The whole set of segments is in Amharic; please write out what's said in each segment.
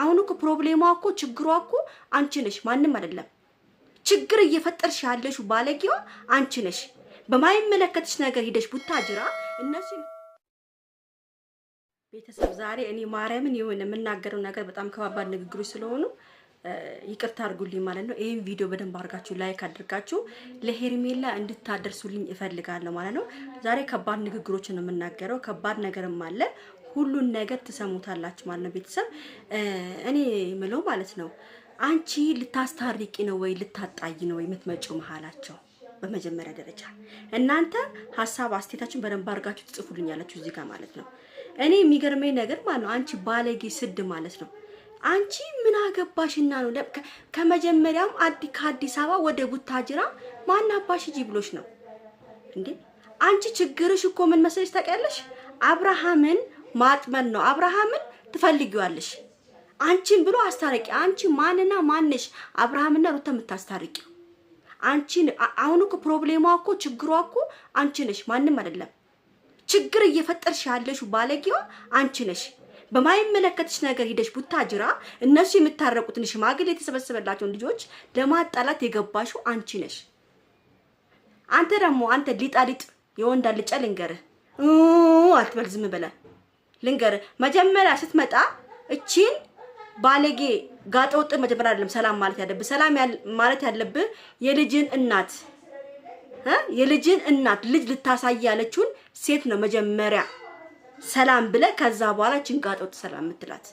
አሁን እኮ ፕሮብሌሟ እኮ ችግሯ እኮ አንቺ ነሽ፣ ማንም አይደለም። ችግር እየፈጠርሽ ያለሽ ባለጌዋ አንቺ ነሽ። በማይመለከትሽ ነገር ሂደሽ ቡታጅራ እነሱ ቤተሰብ ዛሬ እኔ ማርያምን የሆነ የምናገረው ነገር በጣም ከባባድ ንግግሮች ስለሆኑ ይቅርታ አድርጉልኝ ማለት ነው። ይህም ቪዲዮ በደንብ አድርጋችሁ ላይክ አድርጋችሁ ለሄርሜላ እንድታደርሱልኝ እፈልጋለሁ ማለት ነው። ዛሬ ከባድ ንግግሮች ነው የምናገረው ከባድ ነገርም አለ። ሁሉን ነገር ትሰሙታላችሁ ማለት ነው። ቤተሰብ እኔ ምለው ማለት ነው አንቺ ልታስታርቂ ነው ወይ ልታጣይ ነው ወይ የምትመጪው መሀላቸው? በመጀመሪያ ደረጃ እናንተ ሀሳብ አስቴታችሁን በደንብ አድርጋችሁ ያላችሁ እዚህ ጋር ማለት ነው። እኔ የሚገርመኝ ነገር ማለት ነው አንቺ ባለጌ ስድ ማለት ነው አንቺ ምን አገባሽና ነው አዲ ከአዲስ አበባ ወደ ቡታጅራ ማን አባሽ ሂጂ ብሎሽ ነው እንዴ? አንቺ ችግርሽ እኮ ምን መሰለሽ ታውቂያለሽ? አብርሃምን ማጥመን ነው። አብርሃምን ትፈልጊዋለሽ አንቺን ብሎ አስታረቂ። አንቺ ማንና ማንሽ? አብርሃምና ሩታ የምታስታርቂው አንቺን። አሁን እኮ ፕሮብሌሟ እኮ ችግሯ እኮ አንቺ ነሽ፣ ማንም አይደለም። ችግር እየፈጠርሽ ያለሽው ባለጌዋ አንቺ ነሽ። በማይመለከትሽ ነገር ሂደሽ ቡታጅራ እነሱ የምታረቁትን ሽማግሌ የተሰበሰበላቸውን ልጆች ለማጣላት የገባሽው አንቺ ነሽ። አንተ ደግሞ አንተ ሊጣሊጥ የወንዳ ልጨ ልንገርህ አትበል፣ ዝም ብለህ ልንገር መጀመሪያ ስትመጣ እቺን ባለጌ ጋጠወጥ መጀመሪያ አይደለም ሰላም ማለት ያለብህ። ሰላም ማለት ያለብህ የልጅን እናት የልጅን እናት ልጅ ልታሳይ ያለችውን ሴት ነው መጀመሪያ ሰላም ብለህ ከዛ በኋላ እቺን ጋጠወጥ ሰላም የምትላት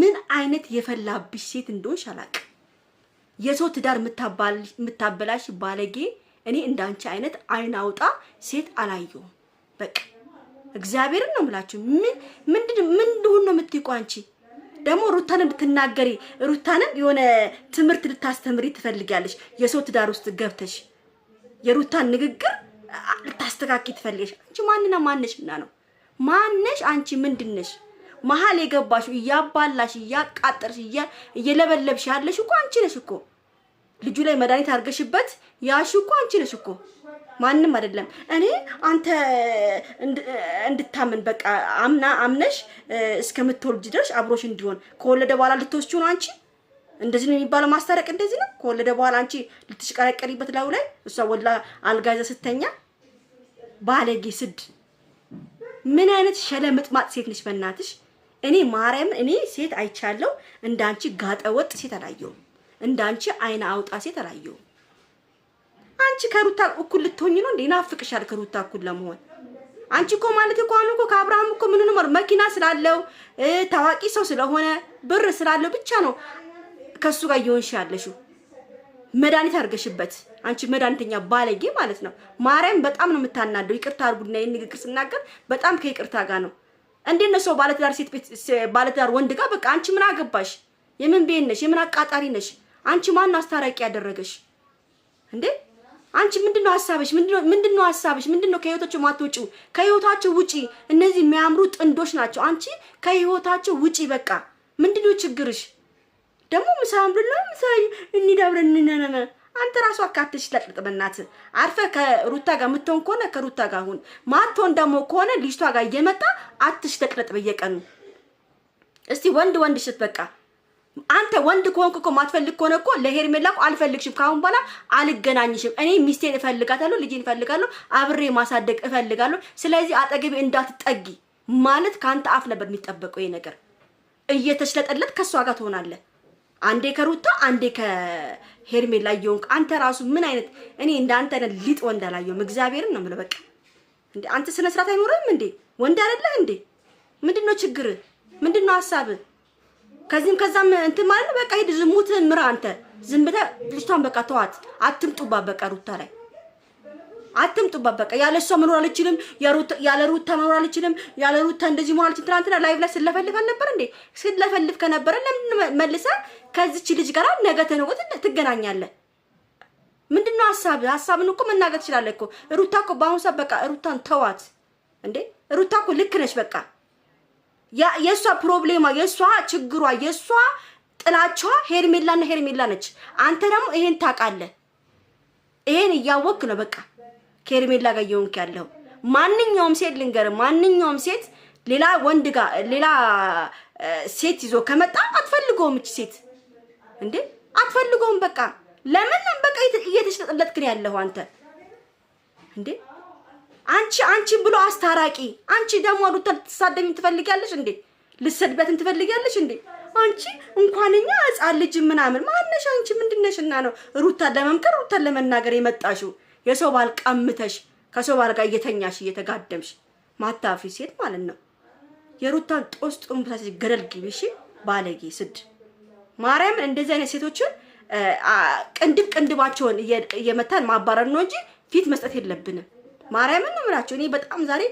ምን አይነት የፈላብሽ ሴት እንደሆንሽ አላቅ። የሰው ትዳር የምታበላሽ ባለጌ እኔ እንዳንቺ አይነት አይናውጣ ሴት አላየሁም። በቃ እግዚአብሔርን ነው የምላችሁ። ምን ምንድን ምን እንደሆነ ነው የምትይቀው አንቺ ደግሞ ሩታን እንድትናገሪ ሩታንም የሆነ ትምህርት ልታስተምሪ ትፈልጊያለሽ። የሰው ትዳር ውስጥ ገብተሽ የሩታን ንግግር ልታስተካኪ ትፈልጊያለሽ። አንቺ ማንና ማነሽና ነው ማነሽ? አንቺ ምንድነሽ? መሀል የገባሽው እያባላሽ እያቃጠርሽ እየለበለብሽ ያለሽ እኮ አንቺ ነሽ እኮ ልጁ ላይ መድኃኒት አድርገሽበት ያሽ እኮ አንቺ ነሽ እኮ ማንም አይደለም። እኔ አንተ እንድታምን በቃ አምና አምነሽ እስከምትወልጅ ድረስ አብሮሽ እንዲሆን ከወለደ በኋላ ልትወስጂው ነው አንቺ። እንደዚህ ነው የሚባለው ማስታረቅ፣ እንደዚህ ነው። ከወለደ በኋላ አንቺ ልትሽቀረቀሪበት ላዩ ላይ እሷ ወላ አልጋ ይዛ ስተኛ። ባለጌ ስድ፣ ምን አይነት ሸለምጥማጥ ሴት ነች በእናትሽ። እኔ ማርያምን፣ እኔ ሴት አይቻለሁ፣ እንዳንቺ ጋጠወጥ ሴት አላየሁም። እንዳንቺ አይነ አውጣ ሴት አላየሁም። አንቺ ከሩታ እኩል ልትሆኝ ነው እንዴ? ናፍቅሻል ከሩታ እኩል ለመሆን አንቺ እኮ ማለት እኮ አሁን እኮ ከአብርሃም እኮ ምን ነው መኪና ስላለው ታዋቂ ሰው ስለሆነ ብር ስላለው ብቻ ነው ከሱ ጋር እየሆንሽ ያለሽው። መድኃኒት አድርገሽበት አንቺ መድኃኒተኛ ባለጌ ማለት ነው። ማርያም በጣም ነው የምታናደው። ይቅርታ አድርጉና ይህን ንግግር ስናገር በጣም ከይቅርታ ጋር ነው። እንዴት ነው ሰው ባለትዳር ሴት ቤት ባለትዳር ወንድ ጋር በቃ አንቺ ምን አገባሽ? የምን ቤት ነሽ? የምን አቃጣሪ ነሽ? አንቺ ማን አስታራቂ ያደረገሽ እንዴ? አንቺ ምንድን ነው ሀሳብሽ? ምንድን ነው ሀሳብሽ? ምንድን ነው ከህይወታቸው ማትወጪው? ከህይወታቸው ውጪ። እነዚህ የሚያምሩ ጥንዶች ናቸው። አንቺ ከህይወታቸው ውጪ። በቃ ምንድን ነው ችግርሽ? ደግሞ ምሳም ብላ ምሳ እንዳብረን ነነ አንተ ራሱ አካትሽ ለጥጥ አርፈ ከሩታ ጋር የምትሆን ከሆነ ከሩታ ጋር ሁን። ማትሆን ደግሞ ከሆነ ልጅቷ ጋር እየመጣ አትሽ ለጥጥ በየቀኑ እስቲ ወንድ ወንድ ሽት በቃ አንተ ወንድ ከሆንክ እኮ ማትፈልግ ከሆነ እኮ ለሄርሜላ እኮ አልፈልግሽም፣ ካሁን በኋላ አልገናኝሽም። እኔ ሚስቴን እፈልጋታለሁ፣ ልጅን እፈልጋለሁ፣ አብሬ ማሳደግ እፈልጋለሁ። ስለዚህ አጠገቤ እንዳትጠጊ ማለት ከአንተ አፍ ነበር የሚጠበቀው ይሄ ነገር። እየተሽለጠለት ከእሷ ጋር ትሆናለህ። አንዴ ከሩታ አንዴ ከሄርሜላ እየሆንክ አንተ ራሱ ምን አይነት እኔ እንዳንተ አይነት ሊጥ ወንድ አላየሁም። እግዚአብሔርን ነው የምለው። በቃ አንተ ስነ ስርዓት አይኖርህም እንዴ? ወንድ አይደለህ እንዴ? ምንድን ነው ችግርህ? ምንድን ነው ሀሳብህ? ከዚህም ከዛም እንትን ማለት ነው። በቃ ሂድ ዝሙት ምራ አንተ ዝም ብለህ ልጅቷን በቃ ተዋት። አትምጡባት በቃ ሩታ ላይ አትምጡባት በቃ። ያለ እሷ መኖር አልችልም፣ ያለ ሩታ መኖር አልችልም፣ ያለ ሩታ እንደዚህ መሆን አልችልም። ትናንትና ላይቭ ላይ ስለፈልፍ አልነበር እንዴ? ስለፈልፍ ከነበረ ለምን መልሰ ከዚች ልጅ ጋር ነገ ተነጎት ትገናኛለህ? ምንድነው ሀሳብ? ሀሳብን እኮ መናገር ትችላለህ እኮ ሩታ እኮ በአሁኑ ሰዓት በቃ ሩታን ተዋት እንዴ! ሩታ እኮ ልክ ነች በቃ የእሷ ፕሮብሌሟ፣ የእሷ ችግሯ፣ የእሷ ጥላቻዋ ሄርሜላና ሄርሜላ ነች። አንተ ደግሞ ይሄን ታውቃለህ። ይሄን እያወቅ ነው በቃ ከሄርሜላ ጋር እየሆንክ ያለው። ማንኛውም ሴት ልንገርህ፣ ማንኛውም ሴት ሌላ ወንድ ጋር ሌላ ሴት ይዞ ከመጣ አትፈልገውም። እች ሴት እንዴ አትፈልገውም። በቃ ለምንም በቃ እየተሽለጠለጥክ ነው ያለው አንተ እንዴ አንቺ አንቺ ብሎ አስታራቂ። አንቺ ደግሞ ሩታ ልትሳደሚ ትፈልጊያለሽ እንዴ? ልሰድበትም ትፈልጊያለሽ እንዴ? አንቺ እንኳንኛ ህፃን ልጅ ምናምን ማነሽ አንቺ ምንድነሽና ነው ሩታን ለመምከር ሩታን ለመናገር የመጣሽው? የሰው ባል ቀምተሽ ከሰው ባል ጋር እየተኛሽ እየተጋደምሽ ማታፊ ሴት ማለት ነው። የሩታን ጦስ ጦምታሽ ገደል ግቢ እሺ፣ ባለጌ ስድ ማርያም። እንደዚህ አይነት ሴቶችን ቅንድብ ቅንድባቸውን እየመታን ማባረር ነው እንጂ ፊት መስጠት የለብንም። ማርያምን ነው የምላቸው። እኔ በጣም ዛሬ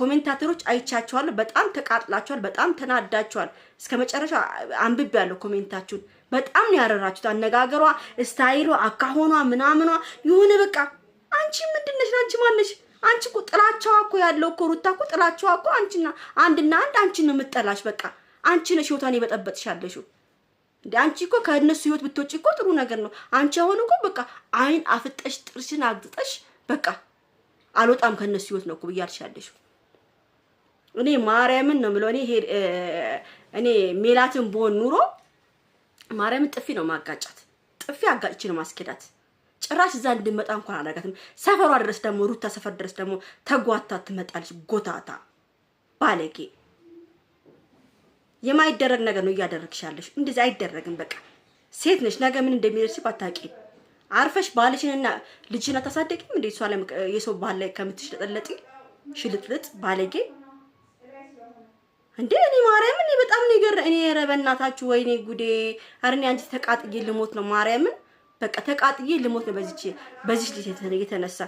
ኮሜንታተሮች አይቻቸዋል። በጣም ተቃጥላቸዋል። በጣም ተናዳቸዋል። እስከ መጨረሻ አንብብ ያለው ኮሜንታችሁን በጣም ነው ያረራችሁት። አነጋገሯ፣ ስታይሏ፣ አካሆኗ፣ ምናምኗ የሆነ በቃ አንቺ ምንድነሽ? አንቺ ማነሽ? አንቺ እኮ ጥላቻዋ እኮ ያለው እኮ ሩታ እኮ ጥላቻዋ እኮ አንቺና አንድና አንድ አንቺን ነው የምጠላሽ። በቃ አንቺ ነሽ ህይወቷን የበጠበጥሽ ያለሽው። እንደ አንቺ እኮ ከእነሱ ህይወት ብትወጪ እኮ ጥሩ ነገር ነው። አንቺ አሁን እኮ በቃ አይን አፍጠሽ ጥርሽን አግጥጠሽ በቃ አልወጣም ከነሱ ህይወት ነው እኮ ብያልሽ ያለሽው። እኔ ማርያምን ነው የምለው። እኔ እኔ ሜላትን ብሆን ኑሮ ማርያምን ጥፊ ነው ማጋጫት፣ ጥፊ አጋጭቼ ነው ማስኬዳት። ጭራሽ እዛ እንድመጣ እንኳን አላጋትም። ሰፈሯ ድረስ ደግሞ ሩታ ሰፈር ድረስ ደግሞ ተጓታ ትመጣለች። ጎታታ ባለጌ፣ የማይደረግ ነገር ነው እያደረግሻለሽ። እንደዚህ አይደረግም። በቃ ሴት ነሽ፣ ነገ ምን እንደሚደርስ አታውቂም። አርፈሽ ባልሽንና ልጅሽን አታሳደቂም እንዴ? እሷ የሰው ባል ላይ ከምትሽለጠለጥ ሽልጥልጥ ባለጌ እንዴ! እኔ ማርያምን እኔ በጣም ነገር እኔ ኧረ በእናታችሁ ወይኔ ጉዴ! ኧረ እኔ አንቺ ተቃጥዬ ልሞት ነው ማርያምን በቃ ተቃጥዬ ልሞት ነው በዚች በዚች ልጅ የተነሳ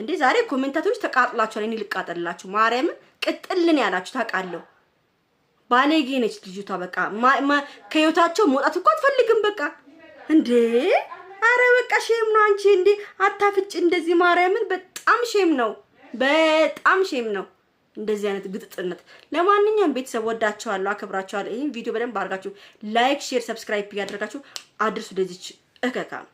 እንዴ! ዛሬ ኮሜንታቶች ተቃጥላችኋል። እኔ ልቃጠልላችሁ ማርያምን ቅጥልን ያላችሁ ታውቃለሁ። ባለጌ ነች ልጅቷ። በቃ ከህይወታቸው መውጣት እኮ አትፈልግም። በቃ እንዴ አረ በቃ ሼም ነው። አንቺ እንዴ አታፍጭ እንደዚህ ማርያምን። በጣም ሼም ነው፣ በጣም ሼም ነው እንደዚህ አይነት ግጥጥነት። ለማንኛውም ቤተሰብ ወዳቸዋለሁ፣ አከብራቸዋለሁ። ይህን ቪዲዮ በደንብ አድርጋችሁ ላይክ፣ ሼር፣ ሰብስክራይብ እያደረጋችሁ አድርሱ። ደዚች እከካ